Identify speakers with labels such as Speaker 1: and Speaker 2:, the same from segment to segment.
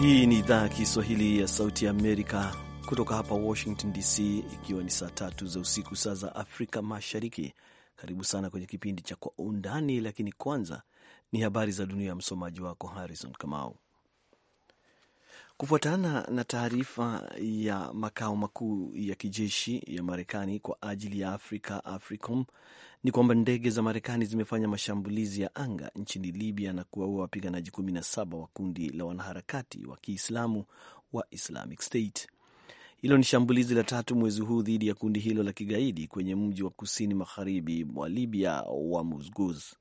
Speaker 1: Hii ni idhaa ya Kiswahili ya Sauti ya Amerika kutoka hapa Washington DC, ikiwa ni saa tatu za usiku, saa za Afrika Mashariki. Karibu sana kwenye kipindi cha Kwa Undani, lakini kwanza ni habari za dunia ya msomaji wako Harrison Kamau. Kufuatana na taarifa ya makao makuu ya kijeshi ya Marekani kwa ajili ya Afrika, AFRICOM, ni kwamba ndege za Marekani zimefanya mashambulizi ya anga nchini Libya na kuwaua wapiganaji 17 wa kundi la wanaharakati wa Kiislamu wa Islamic State. Hilo ni shambulizi la tatu mwezi huu dhidi ya kundi hilo la kigaidi kwenye mji wa kusini magharibi mwa Libya wa Musguz.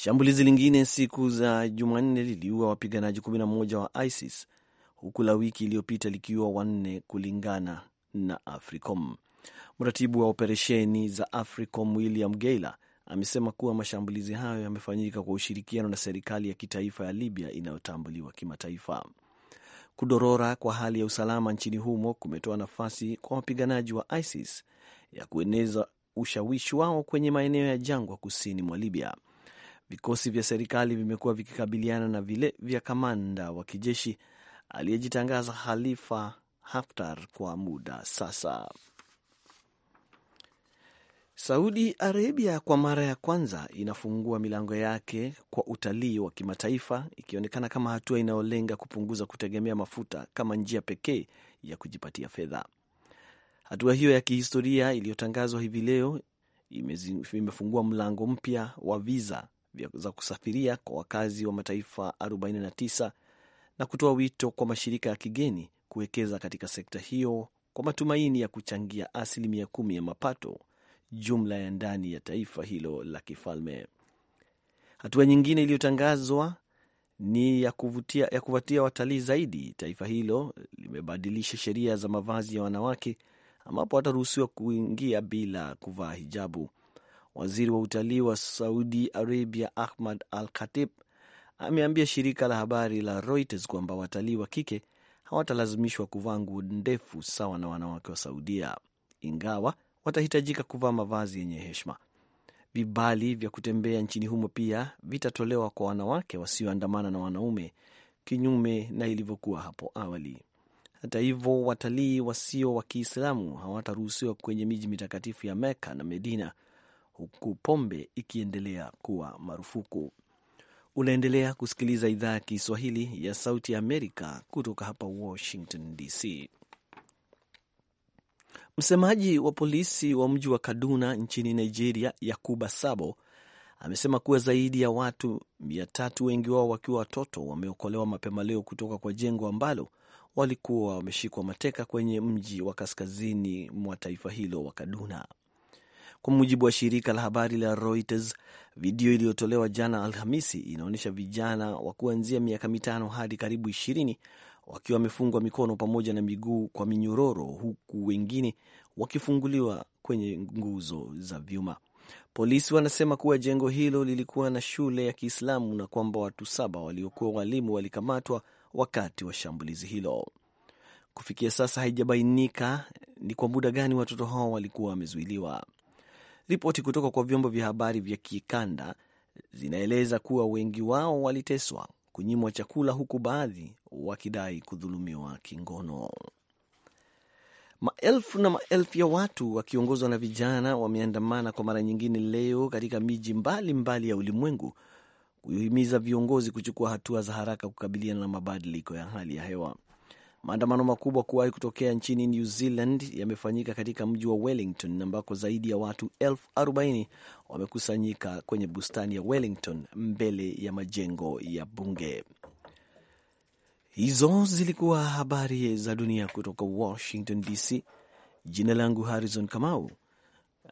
Speaker 1: Shambulizi lingine siku za Jumanne liliua wapiganaji 11 wa ISIS huku la wiki iliyopita likiua wanne kulingana na AFRICOM. Mratibu wa operesheni za AFRICOM William Geiler amesema kuwa mashambulizi hayo yamefanyika kwa ushirikiano na serikali ya kitaifa ya Libya inayotambuliwa kimataifa. Kudorora kwa hali ya usalama nchini humo kumetoa nafasi kwa wapiganaji wa ISIS ya kueneza ushawishi wao kwenye maeneo ya jangwa kusini mwa Libya. Vikosi vya serikali vimekuwa vikikabiliana na vile vya kamanda wa kijeshi aliyejitangaza Khalifa Haftar kwa muda sasa. Saudi Arabia kwa mara ya kwanza inafungua milango yake kwa utalii wa kimataifa ikionekana kama hatua inayolenga kupunguza kutegemea mafuta kama njia pekee ya kujipatia fedha. Hatua hiyo ya kihistoria iliyotangazwa hivi leo imefungua mlango mpya wa viza za kusafiria kwa wakazi wa mataifa 49 na kutoa wito kwa mashirika ya kigeni kuwekeza katika sekta hiyo kwa matumaini ya kuchangia asilimia kumi ya mapato jumla ya ndani ya taifa hilo la kifalme. Hatua nyingine iliyotangazwa ni ya kuvutia, ya kuvutia watalii zaidi. Taifa hilo limebadilisha sheria za mavazi ya wanawake ambapo wataruhusiwa kuingia bila kuvaa hijabu. Waziri wa utalii wa Saudi Arabia Ahmad Al Khatib ameambia shirika la habari la Reuters kwamba watalii wa kike hawatalazimishwa kuvaa nguo ndefu sawa na wanawake wa Saudia, ingawa watahitajika kuvaa mavazi yenye heshima. Vibali vya kutembea nchini humo pia vitatolewa kwa wanawake wasioandamana na wanaume, kinyume na ilivyokuwa hapo awali. Hata hivyo, watalii wasio wa Kiislamu hawataruhusiwa kwenye miji mitakatifu ya Meka na Medina huku pombe ikiendelea kuwa marufuku. Unaendelea kusikiliza idhaa ya Kiswahili ya Sauti ya Amerika kutoka hapa Washington DC. Msemaji wa polisi wa mji wa Kaduna nchini Nigeria, Yakuba Sabo, amesema kuwa zaidi ya watu mia tatu, wengi wao wakiwa watoto, wameokolewa mapema leo kutoka kwa jengo ambalo walikuwa wameshikwa mateka kwenye mji wa kaskazini mwa taifa hilo wa Kaduna. Kwa mujibu wa shirika la habari la Reuters, video iliyotolewa jana Alhamisi inaonyesha vijana wa kuanzia miaka mitano hadi karibu ishirini wakiwa wamefungwa mikono pamoja na miguu kwa minyororo huku wengine wakifunguliwa kwenye nguzo za vyuma. Polisi wanasema kuwa jengo hilo lilikuwa na shule ya Kiislamu na kwamba watu saba waliokuwa walimu walikamatwa wakati wa shambulizi hilo. Kufikia sasa haijabainika ni kwa muda gani watoto hao walikuwa wamezuiliwa. Ripoti kutoka kwa vyombo vya habari vya kikanda zinaeleza kuwa wengi wao waliteswa, kunyimwa chakula, huku baadhi wakidai kudhulumiwa kingono. Maelfu na maelfu ya watu wakiongozwa na vijana wameandamana kwa mara nyingine leo katika miji mbalimbali mbali ya ulimwengu kuhimiza viongozi kuchukua hatua za haraka kukabiliana na mabadiliko ya hali ya hewa. Maandamano makubwa kuwahi kutokea nchini New Zealand yamefanyika katika mji wa Wellington ambako zaidi ya watu elfu wamekusanyika kwenye bustani ya Wellington mbele ya majengo ya bunge. Hizo zilikuwa habari za dunia kutoka Washington DC. Jina langu Harrison Kamau,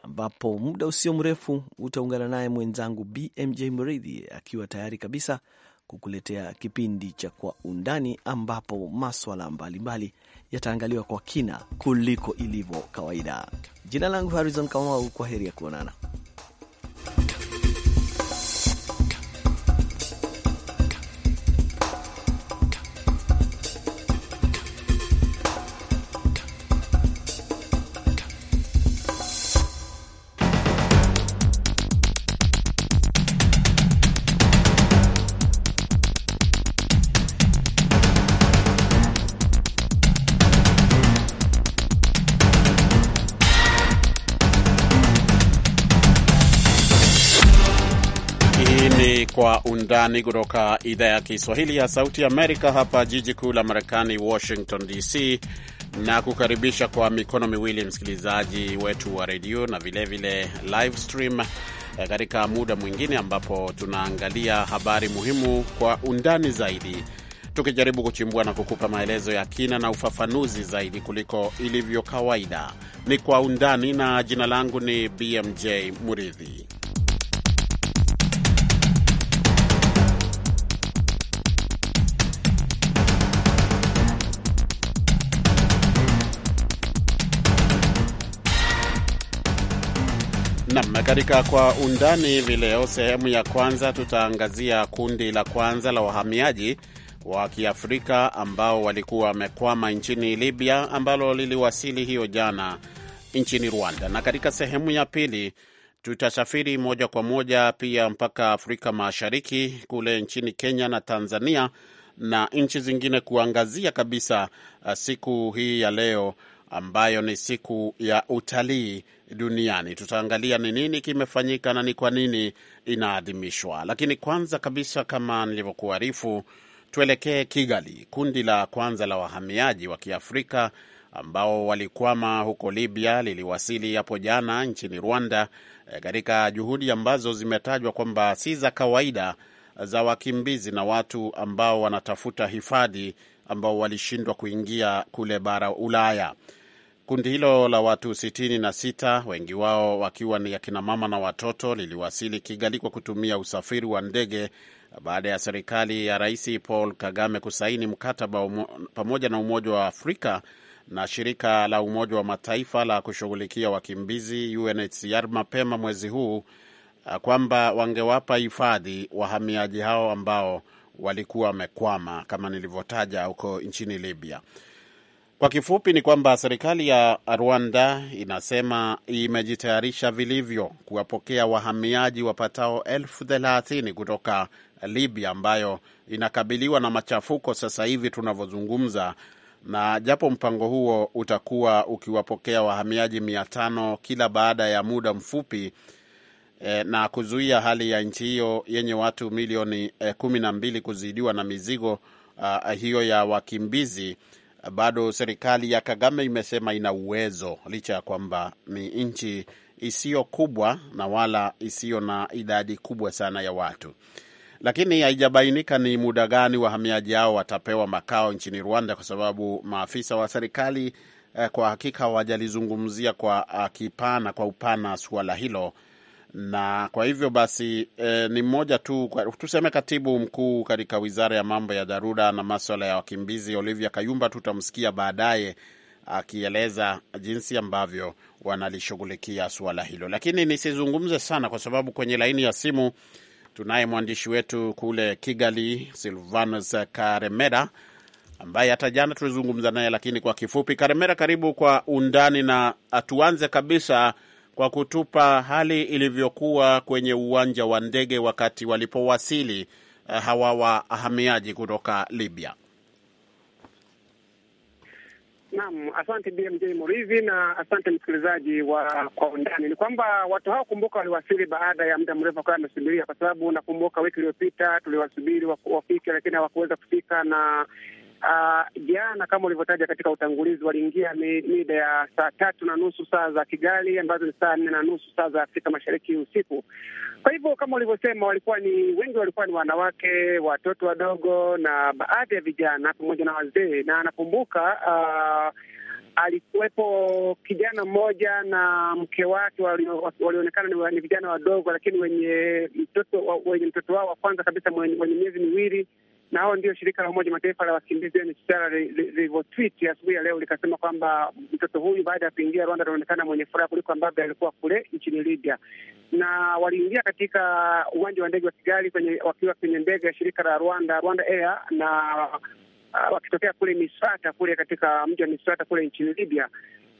Speaker 1: ambapo muda usio mrefu utaungana naye mwenzangu BMJ Mridhi akiwa tayari kabisa kukuletea kipindi cha Kwa Undani, ambapo maswala mbalimbali yataangaliwa kwa kina kuliko ilivyo kawaida. Jina langu Harrison Kamau, kwa heri ya kuonana.
Speaker 2: undani kutoka idhaa ya Kiswahili ya Sauti Amerika, hapa jiji kuu la Marekani, Washington DC, na kukaribisha kwa mikono miwili msikilizaji wetu wa redio na vilevile live stream eh, katika muda mwingine ambapo tunaangalia habari muhimu kwa undani zaidi, tukijaribu kuchimbua na kukupa maelezo ya kina na ufafanuzi zaidi kuliko ilivyo kawaida. Ni kwa undani, na jina langu ni BMJ Muridhi. Nam, katika Kwa Undani hivi leo, sehemu ya kwanza tutaangazia kundi la kwanza la wahamiaji wa Kiafrika ambao walikuwa wamekwama nchini Libya, ambalo liliwasili hiyo jana nchini Rwanda, na katika sehemu ya pili tutasafiri moja kwa moja pia mpaka Afrika Mashariki kule nchini Kenya na Tanzania na nchi zingine kuangazia kabisa uh, siku hii ya leo ambayo ni siku ya utalii duniani. Tutaangalia ni nini kimefanyika na ni kwa nini inaadhimishwa, lakini kwanza kabisa, kama nilivyokuarifu, tuelekee Kigali. Kundi la kwanza la wahamiaji wa Kiafrika ambao walikwama huko Libya liliwasili hapo jana nchini Rwanda eh, katika juhudi ambazo zimetajwa kwamba si za kawaida za wakimbizi na watu ambao wanatafuta hifadhi ambao walishindwa kuingia kule bara Ulaya. Kundi hilo la watu 66 wengi wao wakiwa ni akina mama na watoto liliwasili Kigali kwa kutumia usafiri wa ndege baada ya serikali ya Rais Paul Kagame kusaini mkataba umo, pamoja na Umoja wa Afrika na shirika la Umoja wa Mataifa la kushughulikia wakimbizi UNHCR mapema mwezi huu uh, kwamba wangewapa hifadhi wahamiaji hao ambao walikuwa wamekwama kama nilivyotaja huko nchini Libya. Kwa kifupi ni kwamba serikali ya Rwanda inasema imejitayarisha vilivyo kuwapokea wahamiaji wapatao elfu thelathini kutoka Libya ambayo inakabiliwa na machafuko sasa hivi tunavyozungumza, na japo mpango huo utakuwa ukiwapokea wahamiaji mia tano kila baada ya muda mfupi eh, na kuzuia hali ya nchi hiyo yenye watu milioni eh, kumi na mbili kuzidiwa na mizigo uh, hiyo ya wakimbizi bado serikali ya Kagame imesema ina uwezo licha ya kwamba ni nchi isiyo kubwa na wala isiyo na idadi kubwa sana ya watu, lakini haijabainika ni muda gani wahamiaji hao watapewa makao nchini Rwanda, kwa sababu maafisa wa serikali eh, kwa hakika hawajalizungumzia kwa ah, kipana, kwa upana suala hilo na kwa hivyo basi e, ni mmoja tu tuseme, katibu mkuu katika wizara ya mambo ya dharura na maswala ya wakimbizi Olivia Kayumba, tutamsikia baadaye akieleza jinsi ambavyo wanalishughulikia suala hilo, lakini nisizungumze sana kwa sababu kwenye laini ya simu tunaye mwandishi wetu kule Kigali, Silvanus Karemera ambaye hata jana tulizungumza naye, lakini kwa kifupi. Karemera, karibu kwa undani, na tuanze kabisa kwa kutupa hali ilivyokuwa kwenye uwanja wa ndege wakati walipowasili eh, hawa wahamiaji kutoka Libya.
Speaker 3: Naam, asante BMJ Murithi na asante msikilizaji wa Kwa Undani. Ni kwamba watu hao, kumbuka, waliwasili baada ya muda mrefu akawa amesubiria, kwa sababu nakumbuka wiki iliyopita tuliwasubiri wafike, lakini hawakuweza kufika, na Uh, jana kama ulivyotaja katika utangulizi, waliingia mida ya saa tatu na nusu saa za Kigali, ambazo ni saa nne na nusu saa za Afrika Mashariki usiku. Kwa hivyo kama ulivyosema, walikuwa ni wengi, walikuwa ni wanawake, watoto wadogo na baadhi ya vijana pamoja na wazee, na anakumbuka uh, alikuwepo kijana mmoja na mke wake walionekana ni vijana wadogo, lakini wenye mtoto wenye mtoto wao wa kwanza kabisa mwenye miezi miwili na hao ndio shirika la Umoja Mataifa la wakimbizi UNHCR lilivyotwiti asubuhi ya leo likasema kwamba mtoto huyu baada ya kuingia Rwanda anaonekana mwenye furaha kuliko ambavyo alikuwa kule nchini Libya. Na waliingia katika uwanja wa ndege wa Kigali kwenye wakiwa kwenye ndege ya shirika la Rwanda Rwanda Air na uh, wakitokea kule Misrata kule katika mji wa Misrata kule nchini Libya.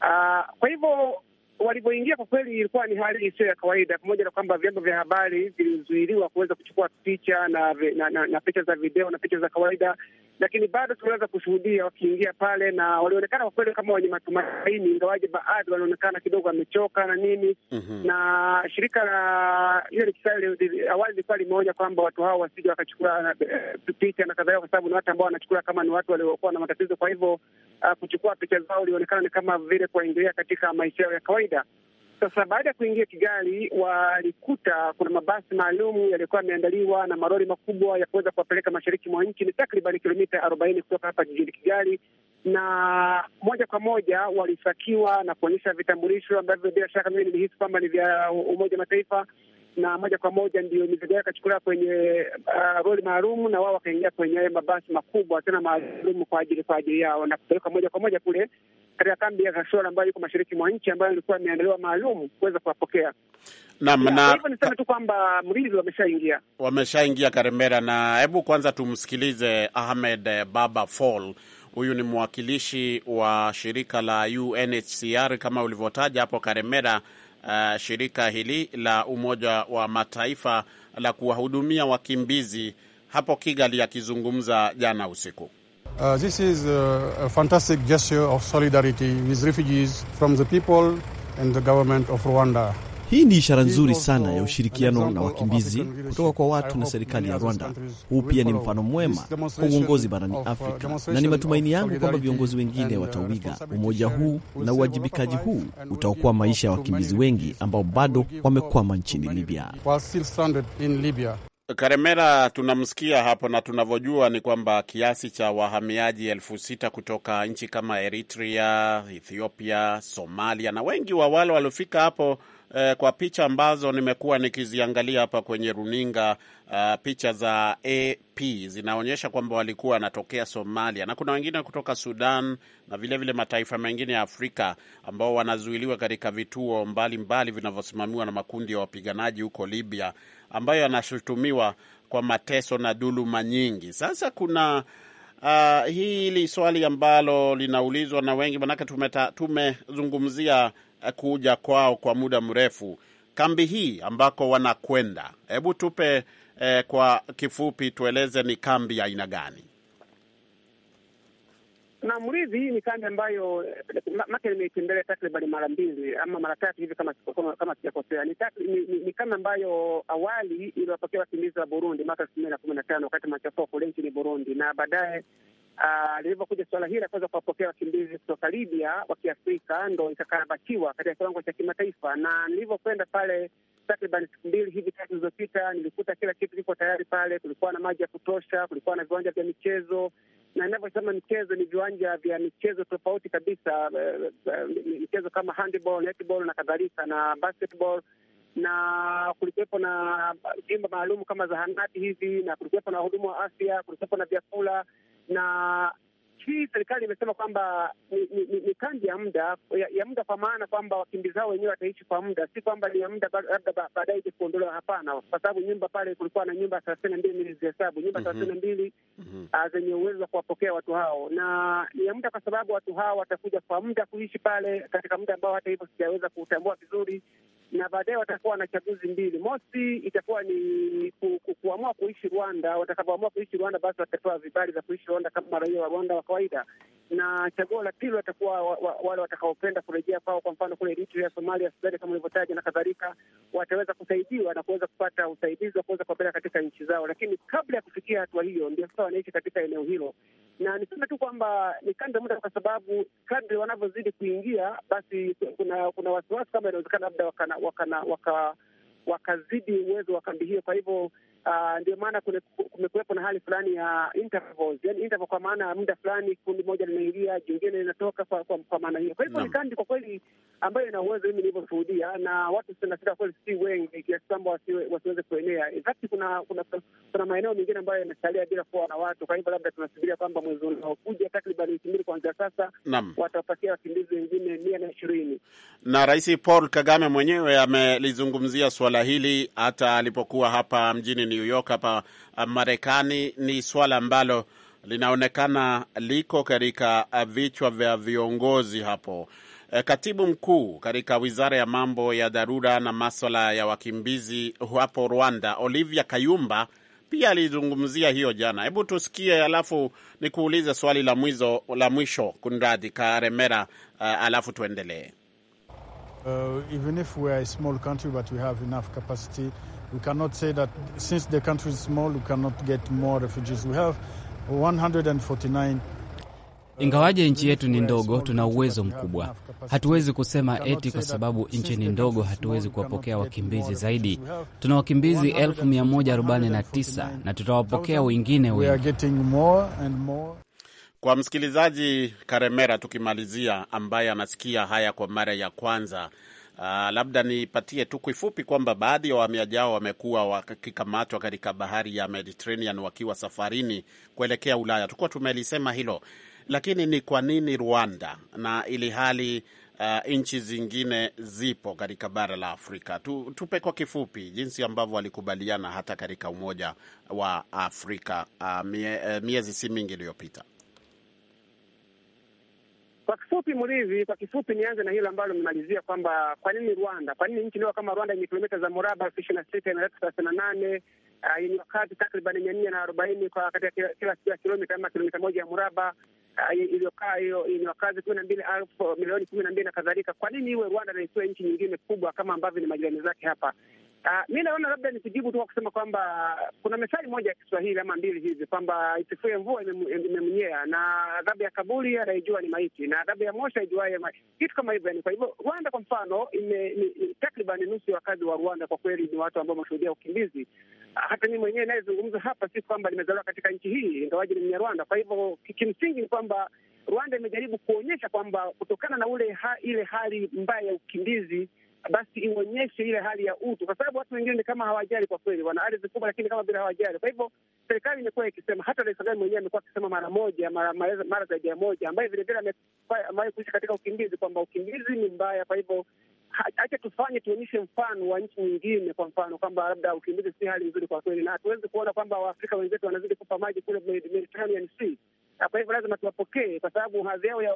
Speaker 3: Uh, kwa hivyo walivyoingia kwa kweli ilikuwa ni hali isiyo ya kawaida, pamoja na kwamba vyombo vya habari vilizuiliwa kuweza kuchukua picha na, na, na, na picha za video na picha za kawaida, lakini bado tunaweza kushuhudia wakiingia pale, na walionekana kwa kweli kama wenye matumaini, ingawaje baadhi wanaonekana kidogo wamechoka na nini mm -hmm. na shirika la hiyo ni awali lilikuwa limeonya kwamba watu hao wasije wakachukua eh, picha na kadhalika, kwa sababu ni watu ambao wanachukua kama ni watu waliokuwa na matatizo. Kwa hivyo uh, kuchukua picha zao ulionekana ni kama vile kuwaingilia katika maisha yao ya kawaida sasa baada ya kuingia Kigali, walikuta kuna mabasi maalum yaliyokuwa yameandaliwa na marori makubwa ya kuweza kuwapeleka mashariki mwa nchi. Ni takriban kilomita arobaini kutoka hapa jijini Kigali, na moja kwa moja walisakiwa na kuonyesha vitambulisho ambavyo bila shaka mimi nilihisi kwamba ni vya Umoja Mataifa na moja kwa moja ndio mizigo yao akachukuliwa kwenye uh, roli maalum, na wao wakaingia kwenye mabasi makubwa tena maalum kwa ajili kwa ajili yao na kupeleka moja kwa moja kule katika kambi ya Gashora ambayo iko mashariki mwa nchi ambayo ilikuwa imeandaliwa maalum kuweza kuwapokea. Naam, na hivyo niseme tu kwamba mrizi wameshaingia,
Speaker 2: wameshaingia Karemera. Na hebu kwanza tumsikilize Ahmed eh, Baba Fall. Huyu ni mwakilishi wa shirika la UNHCR kama ulivyotaja hapo Karemera uh, shirika hili la Umoja wa Mataifa la kuwahudumia wakimbizi hapo Kigali akizungumza jana usiku. Uh, this is a fantastic gesture of solidarity with refugees from the
Speaker 1: people and the government of Rwanda. Hii ni ishara nzuri sana ya ushirikiano na wakimbizi kutoka kwa watu na serikali ya Rwanda. Huu pia ni mfano mwema kwa uongozi barani uh, Afrika, na ni matumaini yangu kwamba viongozi wengine uh, watauiga umoja huu na uwajibikaji huu utaokoa maisha ya wakimbizi wengi ambao bado wamekwama nchini Libya.
Speaker 2: Karemera, tunamsikia hapo, na tunavyojua ni kwamba kiasi cha wahamiaji elfu sita kutoka nchi kama Eritrea, Ethiopia, Somalia na wengi wa wale waliofika hapo eh, kwa picha ambazo nimekuwa nikiziangalia hapa kwenye runinga uh, picha za AP zinaonyesha kwamba walikuwa wanatokea Somalia na kuna wengine kutoka Sudan na vilevile vile mataifa mengine ya Afrika ambao wanazuiliwa katika vituo mbalimbali vinavyosimamiwa na makundi ya wapiganaji huko Libya ambayo yanashutumiwa kwa mateso na dhuluma nyingi. Sasa kuna Uh, hili swali ambalo linaulizwa na wengi manake tumezungumzia kuja kwao kwa muda mrefu. Kambi hii ambako wanakwenda, hebu tupe eh, kwa kifupi, tueleze ni kambi ya aina gani?
Speaker 3: na mrizi hii ni kambi ambayo eh, make nimeitembelea takriban mara mbili ama mara tatu hivi kama kama sijakosea. Ni, ni, ni kambi ambayo awali iliwapokea wakimbizi wa Burundi mwaka elfu mbili na kumi na tano wakati machafuko kule nchini Burundi, na baadaye Uh, ah, lilivyokuja suala hili la kuweza kuwapokea wakimbizi kutoka Libya wa Kiafrika ndo ikakarabatiwa katika kiwango cha kimataifa, na nilivyokwenda pale takriban siku mbili hivi tatu zilizopita, nilikuta kila kitu kiko tayari pale. Kulikuwa na maji ya kutosha, kulikuwa na viwanja vya michezo, na inavyosema michezo ni viwanja vya michezo tofauti kabisa, eh, eh, michezo kama handball, netball na kadhalika na basketball na kulikuwepo na vyumba maalum kama zahanati hivi, na kulikuwepo na wahudumu wa afya, kulikuwepo na vyakula na hii serikali imesema kwamba ni, ni, ni kambi ya muda ya, ya muda, kwa maana kwamba wakimbizi hao wenyewe wataishi kwa muda, si kwamba ni ya muda labda baadaye ije kuondolewa. Hapana, kwa sababu nyumba pale kulikuwa na nyumba thelathini na mbili nilizihesabu nyumba mhm. thelathini na mbili mhm. ah, zenye uwezo wa kuwapokea watu hao, na ni ya muda kwa sababu watu hao watakuja kwa muda kuishi pale katika muda ambao hata hivyo sijaweza kutambua vizuri na baadaye watakuwa na chaguzi mbili. Mosi itakuwa ni ku, ku, kuamua kuishi Rwanda. Watakapoamua kuishi Rwanda, basi watapewa vibali vya kuishi Rwanda kama raia wa Rwanda wakawa kawaida, na chaguo la pili watakuwa wale watakaopenda kurejea kwao, kwa mfano kule Eritrea, Somalia, Sudani kama ulivyotaja na kadhalika, wataweza kusaidiwa na kuweza kupata usaidizi wa kuweza kuwapeleka katika nchi zao, lakini kabla ya kufikia hatua hiyo, ndio sasa wanaishi katika eneo hilo na niseme tu kwamba ni kanda muda, kwa sababu kadri wanavyozidi kuingia, basi kuna kuna wasiwasi kama inawezekana labda wakana, wakana, waka, wakazidi uwezo wa kambi hiyo. Kwa hivyo Uh, ndio maana kumekuwepo na hali fulani ya intervals, yani interval kwa maana ya muda fulani, kundi moja linaingia jingine linatoka, kwa, kwa, kwa maana hiyo. Kwa hivyo ni kandi kwa kweli ambayo ina uwezo, mimi nilivyoshuhudia, na watu sitini na sita kweli si wengi kiasi kwamba wasiweze kuenea. In fact kuna kuna, kuna maeneo mengine ambayo yamesalia bila kuwa na watu. Kwa hivyo labda tunasubiria kwamba mwezi unaokuja takriban wiki mbili kuanzia sasa watawapatia wakimbizi wengine mia na ishirini
Speaker 2: na Rais Paul Kagame mwenyewe amelizungumzia suala hili hata alipokuwa hapa mjini New York hapa uh, Marekani ni swala ambalo linaonekana liko katika uh, vichwa vya viongozi hapo. Uh, katibu mkuu katika wizara ya mambo ya dharura na maswala ya wakimbizi hapo Rwanda, Olivia Kayumba pia alizungumzia hiyo jana. Hebu tusikie, alafu nikuulize swali la mwizo la mwisho, kunradi Karemera, uh, alafu tuendelee. Uh, even if we are a small country but we have enough capacity We cannot say that since the country is small, we cannot get more refugees. We have 149 uh, ingawaje nchi yetu ni ndogo, tuna uwezo mkubwa. Hatuwezi kusema eti kwa sababu nchi ni ndogo hatuwezi kuwapokea wakimbizi zaidi. Tuna wakimbizi 1149 na tutawapokea wengine wengi. Kwa msikilizaji Karemera, tukimalizia, ambaye anasikia haya kwa mara ya kwanza Uh, labda nipatie tu kifupi kwamba baadhi ya wahamiaji hao wamekuwa wakikamatwa katika bahari ya Mediterranean wakiwa safarini kuelekea Ulaya. tukuwa tumelisema hilo, lakini ni kwa nini Rwanda na ili hali uh, nchi zingine zipo katika bara la Afrika? Tu, tupe kwa kifupi jinsi ambavyo walikubaliana hata katika Umoja wa Afrika uh, mie, uh, miezi si mingi iliyopita.
Speaker 3: Kwa kifupi, Mrivi, kwa kifupi nianze na hilo ambalo mmalizia kwamba kwa nini Rwanda, kwa nini nchi leo kama Rwanda yenye kilomita za mraba elfu ishirini na sita na elfu thelathini na nane yenye ah, wakazi takriban mia nne na arobaini kwa katika kila siku ya kilomita ama kilomita moja ya mraba ah, iliyokaa hiyo yenye wakazi kumi na mbili elfu milioni kumi na mbili na kadhalika. Kwa nini iwe Rwanda na isiwe nchi nyingine kubwa kama ambavyo ni majirani zake hapa? Uh, mi naona labda nikijibu tu kwa kusema kwamba kuna methali moja ya Kiswahili ama mbili hivi kwamba isifue mvua imemnyea, na adhabu ya kaburi anaijua ni maiti, na adhabu ya mosha ijuaye kitu kama hivyo. Yani, kwa hivyo Rwanda kwa mfano, takriban nusu ya wakazi wa Rwanda kwa kweli ni watu ambao wameshuhudia ukimbizi hata mimi mwenyewe nayezungumza hapa si kwamba nimezaliwa katika nchi hii, ingawaji ni Mnyarwanda. Kwa hivyo kimsingi ni kwamba Rwanda imejaribu kuonyesha kwamba kutokana na ule ha, ile hali mbaya ya ukimbizi basi ionyeshe ile hali ya utu, kwa sababu watu wengine ni kama hawajali kwa kweli, wana ardhi kubwa, lakini kama vile hawajali. Kwa hivyo serikali imekuwa ikisema, hata Rais Kagame mwenyewe amekuwa akisema mara moja mara, mara zaidi ya moja, ambaye vilevile amewahi kuishi katika ukimbizi kwamba ukimbizi ni mbaya, kwa hivyo hacha tufanye tuonyeshe mfano wa nchi nyingine, kwa mfano kwamba labda ukimbizi si hali nzuri kwa kweli, na hatuwezi kuona kwamba waafrika wenzetu wanazidi kupa maji kule Mediterranean Sea. Kwa hivyo lazima tuwapokee, kwa sababu hadhi yao ya,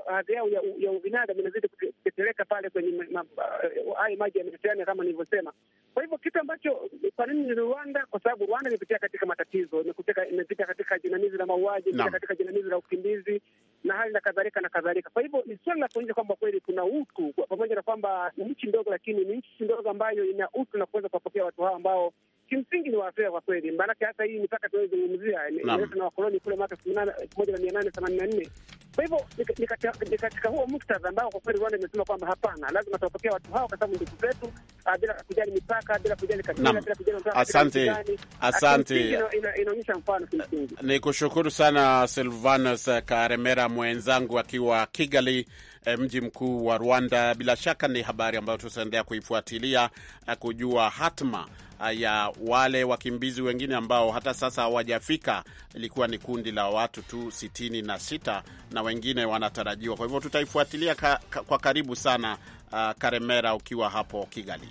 Speaker 3: ya ubinadamu inazidi kuteteleka pale kwenye hayo maji ya Mediterania kama nilivyosema. Kwa hivyo kitu ambacho, kwa nini ni Rwanda? Kwa sababu Rwanda imepitia katika matatizo, imepita katika jinamizi la mauaji, imepita katika jinamizi la ukimbizi na hali na kadhalika na kadhalika. Kwa hivyo ni swala la kuonyesha kwamba kweli kuna utu, pamoja na kwamba ni nchi ndogo, lakini ni nchi ndogo ambayo ina utu na kuweza kuwapokea watu hao ambao kimsingi ni wafea kwa kweli, maanake hata hii mipaka tunayozungumzia imeletwa na wakoloni kule mwaka elfu moja na mia nane themanini na nne. Kwa hivyo ni katika huo muktadha ambao kwa kweli Rwanda imesema kwamba hapana, lazima tuwapokea watu hao kwa sababu ndugu zetu, ah, bila kujali mipaka, bila kujali kabila, bila kujali. Asante, asante, inaonyesha mfano kimsingi.
Speaker 2: Ni kushukuru sana Silvanus Karemera mwenzangu akiwa Kigali. Eh, mji mkuu wa Rwanda. Bila shaka ni habari ambayo tutaendelea kuifuatilia eh, kujua hatma eh, ya wale wakimbizi wengine ambao hata sasa hawajafika. Ilikuwa ni kundi la watu tu sitini na sita na wengine wanatarajiwa. Kwa hivyo tutaifuatilia ka, ka, kwa karibu sana. Uh, Karemera ukiwa hapo Kigali.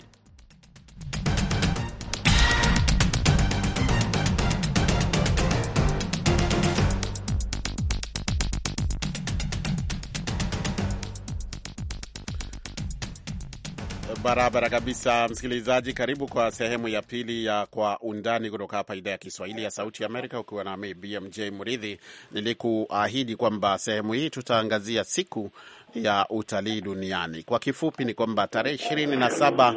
Speaker 2: Barabara kabisa, msikilizaji, karibu kwa sehemu ya pili ya Kwa Undani kutoka hapa idhaa ya Kiswahili ya Sauti Amerika, ukiwa nami BMJ Muridhi. Nilikuahidi kwamba sehemu hii tutaangazia siku ya utalii duniani. Kwa kifupi, ni kwamba tarehe ishirini na saba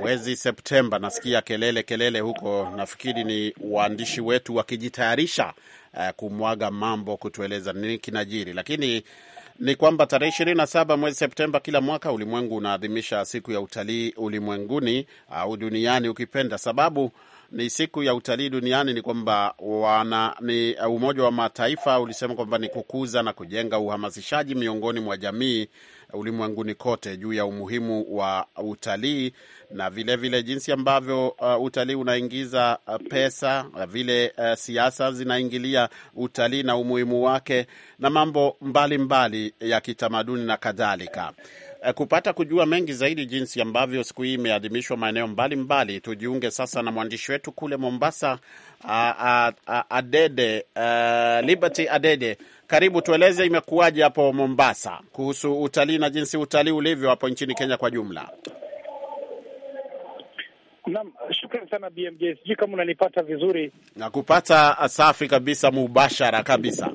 Speaker 2: mwezi Septemba, nasikia kelele kelele huko, nafikiri ni waandishi wetu wakijitayarisha eh, kumwaga mambo kutueleza nini kinajiri, lakini ni kwamba tarehe ishirini na saba mwezi Septemba kila mwaka ulimwengu unaadhimisha siku ya utalii ulimwenguni au duniani ukipenda. Sababu ni siku ya utalii duniani ni kwamba wana ni Umoja wa Mataifa ulisema kwamba ni kukuza na kujenga uhamasishaji miongoni mwa jamii ulimwenguni kote juu ya umuhimu wa utalii na vilevile vile jinsi ambavyo uh, utalii unaingiza uh, pesa uh, vile uh, siasa zinaingilia utalii na umuhimu wake na mambo mbalimbali mbali ya kitamaduni na kadhalika. Eh, kupata kujua mengi zaidi jinsi ambavyo siku hii imeadhimishwa maeneo mbalimbali, tujiunge sasa na mwandishi wetu kule Mombasa, a, a, a, Adede a, eh, Liberty Adede, karibu, tueleze imekuwaje hapo Mombasa kuhusu utalii na jinsi utalii ulivyo hapo nchini Kenya kwa jumla.
Speaker 4: Naam, shukrani sana BMJ, sijui kama unanipata vizuri.
Speaker 2: Nakupata safi kabisa, mubashara kabisa.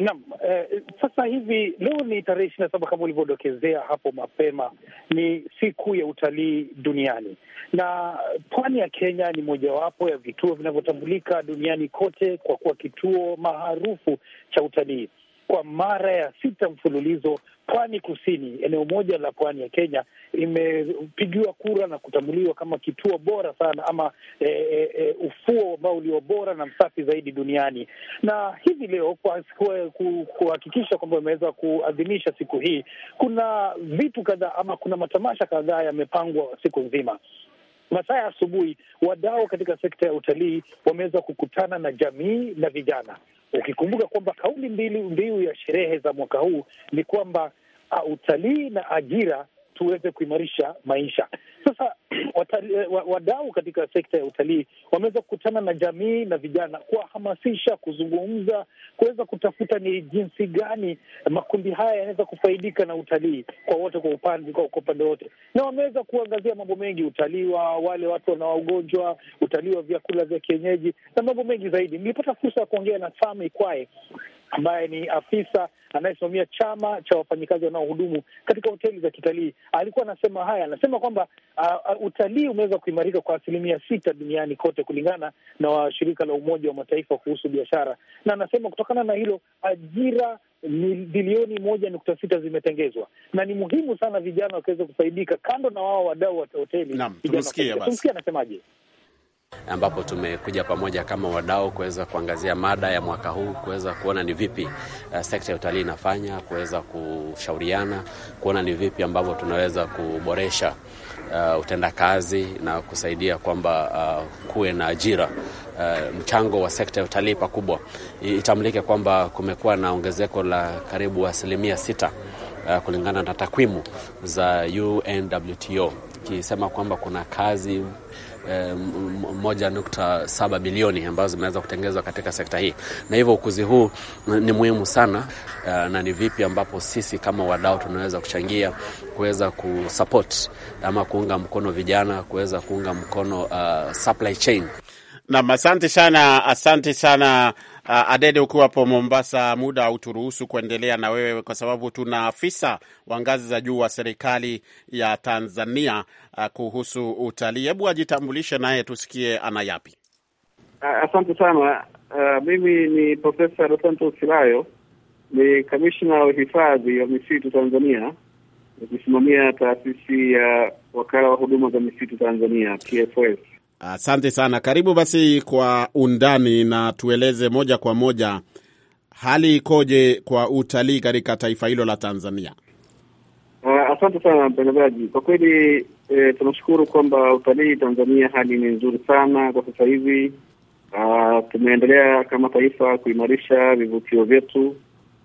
Speaker 4: Naam, Eh, sasa hivi leo ni tarehe ishirini na saba kama ulivyodokezea hapo mapema, ni siku ya utalii duniani, na pwani ya Kenya ni mojawapo ya vituo vinavyotambulika duniani kote kwa kuwa kituo maarufu cha utalii kwa mara ya sita mfululizo. Pwani Kusini, eneo moja la pwani ya Kenya, imepigiwa kura na kutambuliwa kama kituo bora sana ama e, e, ufuo ambao ulio bora na msafi zaidi duniani. Na hivi leo kuhakikisha kwamba imeweza kuadhimisha siku hii, kuna vitu kadhaa ama kuna matamasha kadhaa yamepangwa siku nzima masaa ya asubuhi, wadau katika sekta ya utalii wameweza kukutana na jamii na vijana, ukikumbuka kwamba kauli mbiu ya sherehe za mwaka huu ni kwamba ah, utalii na ajira tuweze kuimarisha maisha. Sasa eh, wadau katika sekta ya utalii wameweza kukutana na jamii na vijana, kuwahamasisha, kuzungumza, kuweza kutafuta ni jinsi gani makundi haya yanaweza kufaidika na utalii kwa wote, kwa upande kwa upande wote, na wameweza kuangazia mambo mengi, utalii wa wale watu wanaogonjwa, utalii wa vyakula vya kienyeji na mambo mengi zaidi. Nilipata fursa ya kuongea na sami kwae ambaye ni afisa anayesimamia chama cha wafanyikazi wanaohudumu katika hoteli za kitalii alikuwa anasema haya, anasema kwamba uh, uh, utalii umeweza kuimarika kwa asilimia sita duniani kote kulingana na washirika la Umoja wa Mataifa kuhusu biashara, na anasema kutokana na hilo ajira bilioni moja nukta sita zimetengezwa na ni muhimu sana vijana wakiweza kufaidika, kando na wao wadau wa hoteli. Tumsikie anasemaje?
Speaker 2: ambapo tumekuja pamoja kama wadau kuweza kuangazia mada ya mwaka huu, kuweza kuona ni vipi uh, sekta ya utalii inafanya, kuweza kushauriana, kuona ni vipi ambavyo tunaweza kuboresha uh, utendakazi na kusaidia kwamba uh, kuwe na ajira. Uh, mchango wa sekta ya utalii pakubwa. Itambulike kwamba kumekuwa na ongezeko la karibu asilimia sita uh, kulingana na takwimu za UNWTO, ikisema kwamba kuna kazi Eh, moja nukta saba bilioni ambazo zimeweza kutengenezwa katika sekta hii, na hivyo ukuzi huu ni muhimu sana. Eh, na ni vipi ambapo sisi kama wadau tunaweza kuchangia kuweza kusupport ama kuunga mkono vijana kuweza kuunga mkono uh, supply chain. Na asante sana, asante sana Uh, Adede, ukiwa hapo Mombasa, muda hauturuhusu kuendelea na wewe kwa sababu tuna afisa wa ngazi za juu wa serikali ya Tanzania uh, kuhusu utalii. Hebu ajitambulishe naye tusikie ana yapi.
Speaker 5: Ah, asante sana. Uh, mimi ni Profesa Rosanto Silayo, ni kamishna wa hifadhi wa misitu Tanzania, nikisimamia taasisi ya wakala wa huduma za misitu Tanzania TFS.
Speaker 2: Asante sana. Karibu basi kwa undani na tueleze moja kwa moja hali ikoje kwa utalii katika taifa hilo la Tanzania?
Speaker 5: Uh, asante sana mtangazaji. Kwa kweli e, tunashukuru kwamba utalii Tanzania hali ni nzuri sana kwa sasa hivi. Uh, tumeendelea kama taifa kuimarisha vivutio vyetu,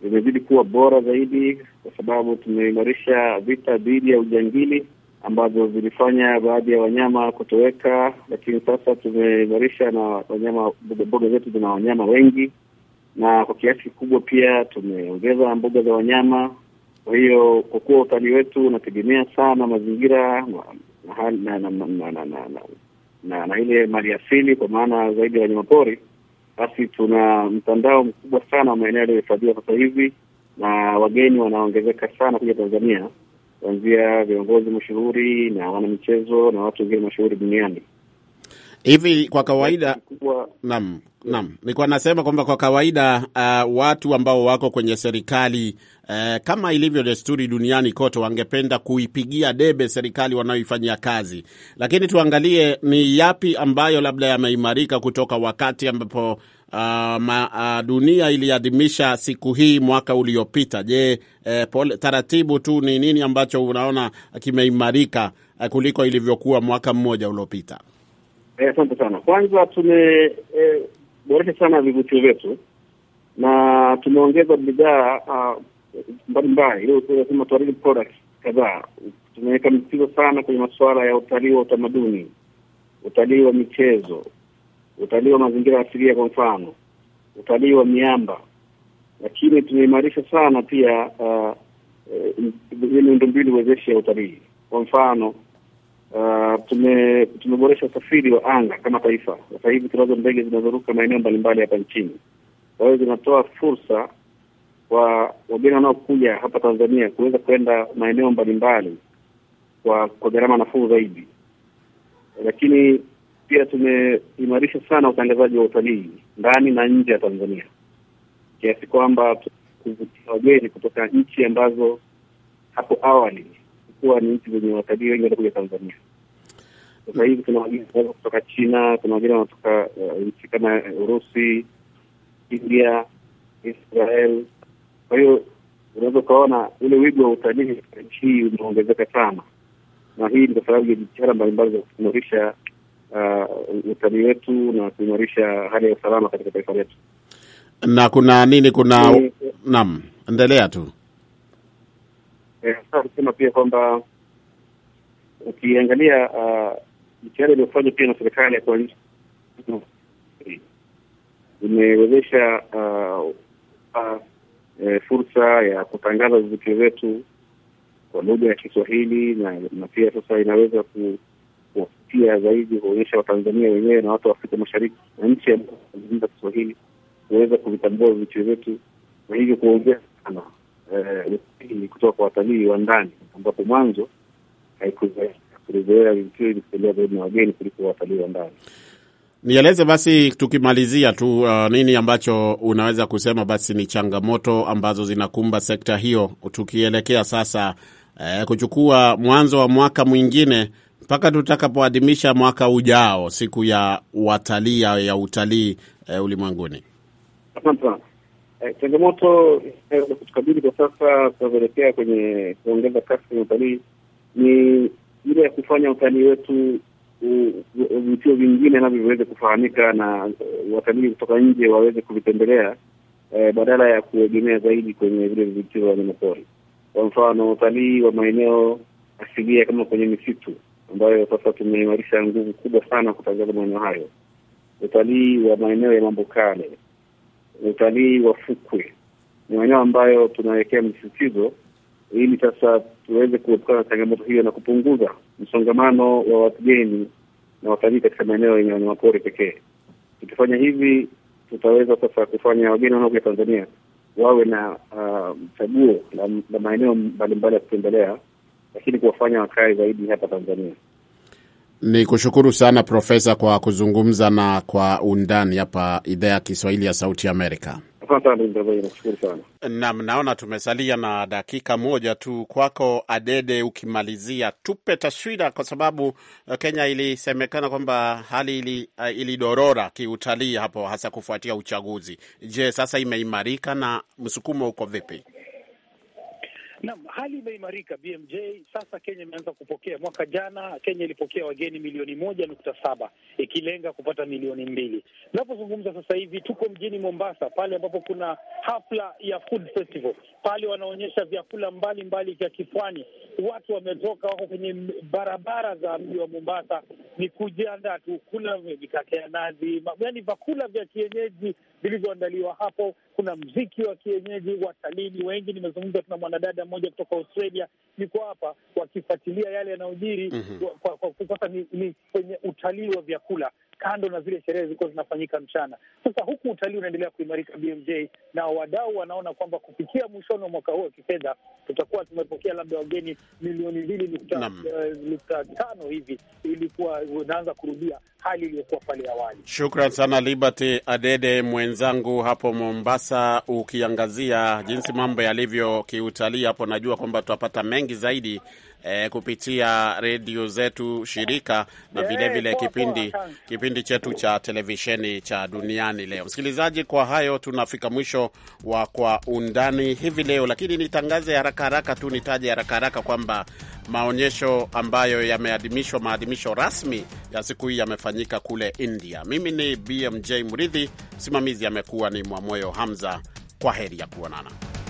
Speaker 5: vimezidi kuwa bora zaidi kwa sababu tumeimarisha vita dhidi ya ujangili ambazo zilifanya baadhi ya wanyama kutoweka, lakini sasa tumeimarisha na wanyama, mbuga zetu zina wanyama wengi, na kwa kiasi kikubwa pia tumeongeza mbuga za wanyama. Kwa hiyo kwa kuwa utalii wetu unategemea sana mazingira na na na ile mali asili, kwa maana zaidi ya wanyama pori basi tuna mtandao mkubwa sana wa maeneo yaliyohifadhiwa sasa hivi, na wageni wanaongezeka sana kuja Tanzania kuanzia viongozi mashuhuri na wanamichezo na watu wengine mashuhuri duniani.
Speaker 2: Hivi kwa kawaida kwa... Naam, naam, nilikuwa nasema kwamba kwa kawaida uh, watu ambao wako kwenye serikali uh, kama ilivyo desturi duniani kote, wangependa kuipigia debe serikali wanayoifanyia kazi, lakini tuangalie ni yapi ambayo labda yameimarika kutoka wakati ambapo uh, ma, uh, dunia iliadhimisha siku hii mwaka uliopita. Je, eh, pole, taratibu tu ni nini ambacho unaona kimeimarika eh, kuliko ilivyokuwa mwaka mmoja uliopita?
Speaker 5: Eh, asante eh, sana. Kwanza tumeboresha eh, sana vivutio vyetu na tumeongeza bidhaa uh, mbalimbali tuarili products kadhaa. Tumeweka msitizo sana kwenye masuala ya utalii wa utamaduni, utalii wa michezo utalii wa mazingira asilia, kwa mfano utalii wa miamba, lakini tumeimarisha sana pia uh, ile wezeshi ya utalii. Kwa mfano uh, tume- tumeboresha usafiri wa anga kama taifa. Sasa hivi tunazo ndege zinazoruka maeneo mbalimbali hapa nchini, kwa hiyo zinatoa fursa kwa wageni wanaokuja hapa Tanzania kuweza kwenda maeneo mbalimbali kwa kwa gharama nafuu zaidi, lakini pia tumeimarisha sana utangazaji wa utalii ndani na nje ya Tanzania kiasi kwamba kuvutia wageni kutoka nchi ambazo hapo awali kuwa ni nchi zenye watalii wengi wanakuja Tanzania. Sasa hivi kuna wageni kutoka China, kuna wageni wanatoka uh, nchi kama Urusi, India, Israel. Kwa hiyo unaweza ukaona ule wigo wa utalii nchi hii umeongezeka sana, na hii ni kwa sababu ya jitihada mbalimbali za kuimarisha uh, utalii wetu na kuimarisha hali ya usalama katika taifa letu.
Speaker 2: Na kuna nini, kuna naam, endelea tu
Speaker 5: kusema eh, e, pia kwamba ukiangalia uh, jitihada uh, iliyofanywa pia na serikali ya kuanzisha imewezesha uh, uh, eh, fursa ya kutangaza vivutio vyetu kwa lugha ya Kiswahili na, na pia sasa inaweza ku, pia zaidi huonyesha Watanzania wenyewe na watu wa Afrika Mashariki na nchi ambazo Kiswahili kuweza kuvitambua vitu vyetu na hivyo kuongea sana eh, i kutoka kwa watalii wa ndani, ambapo mwanzo haikuzoea vivutio hivi kutembea zaidi na wageni kuliko watalii wa ndani.
Speaker 2: Nieleze basi tukimalizia tu, uh, nini ambacho unaweza kusema basi ni changamoto ambazo zinakumba sekta hiyo tukielekea sasa, uh, kuchukua mwanzo wa mwaka mwingine mpaka tutakapoadhimisha mwaka ujao siku ya watalii ya utalii e, ulimwenguni.
Speaker 5: Asante sana. Eh, changamoto kutukabili kwa sasa tunavyoelekea kwenye kuongeza kasi kwenye utalii ni ile ya kufanya utalii wetu vivutio vingine navyo viweze kufahamika na eh, watalii kutoka nje waweze kuvitembelea, eh, badala ya kuegemea zaidi kwenye vile vivutio vya wanyamapori. Kwa mfano utalii wa maeneo asilia kama kwenye misitu ambayo sasa tumeimarisha nguvu kubwa sana kutangaza maeneo hayo, utalii wa maeneo ya mambo kale, utalii wa fukwe, ni maeneo ambayo tunawekea msisitizo ili sasa tuweze kuepukana na changamoto hiyo na kupunguza msongamano wa wageni na watalii katika maeneo yenye wanyamapori pekee. Tukifanya hivi, tutaweza sasa kufanya wageni wanaokuja Tanzania wawe na uh, chaguo la, la maeneo mbalimbali ya kutembelea lakini kuwafanya wakae zaidi hapa Tanzania.
Speaker 2: Ni kushukuru sana Profesa kwa kuzungumza na kwa undani hapa idhaa ya Kiswahili ya Sauti Amerika. Naam, naona tumesalia na dakika moja tu kwako, Adede, ukimalizia tupe taswira, kwa sababu eh, Kenya ilisemekana kwamba hali ili, uh, ilidorora kiutalii hapo, hasa kufuatia uchaguzi. Je, sasa imeimarika na msukumo uko vipi?
Speaker 4: Naam, hali imeimarika BMJ. Sasa Kenya imeanza kupokea. Mwaka jana Kenya ilipokea wageni milioni moja nukta saba ikilenga kupata milioni mbili. Tunapozungumza sasa hivi tuko mjini Mombasa, pale ambapo kuna hafla ya food festival. Pale wanaonyesha vyakula mbalimbali vya kipwani. Watu wametoka, wako kwenye barabara za mji wa Mombasa, ni kujiandaa tu kula mikate ya nazi, yaani vyakula vya kienyeji vilivyoandaliwa hapo. Kuna mziki wa kienyeji, watalii wengi. Nimezungumza, tuna mwanadada mmoja kutoka Australia, yuko hapa wakifuatilia yale yanayojiri mm -hmm. Kwa, kwa sasa ni, ni kwenye utalii wa vyakula kando na zile sherehe zilikuwa zinafanyika mchana. Sasa huku utalii unaendelea kuimarika BMJ, na wadau wanaona kwamba kufikia mwishoni wa mwaka huu wa kifedha tutakuwa tumepokea labda wageni milioni mbili nukta eh, tano hivi, ilikuwa unaanza kurudia hali iliyokuwa pale awali.
Speaker 2: Shukran sana Liberty Adede mwenzangu hapo Mombasa, ukiangazia jinsi mambo yalivyo kiutalii hapo. Najua kwamba tutapata mengi zaidi e, kupitia redio zetu shirika na vilevile kipindi kipindi chetu cha televisheni cha duniani leo. Msikilizaji, kwa hayo tunafika mwisho wa kwa undani hivi leo, lakini nitangaze haraka haraka tu, nitaje haraka haraka kwamba maonyesho ambayo yameadhimishwa maadhimisho rasmi ya siku hii yamefanyika kule India. Mimi ni BMJ Mridhi, msimamizi amekuwa ni Mwamoyo Hamza. Kwa heri ya kuonana.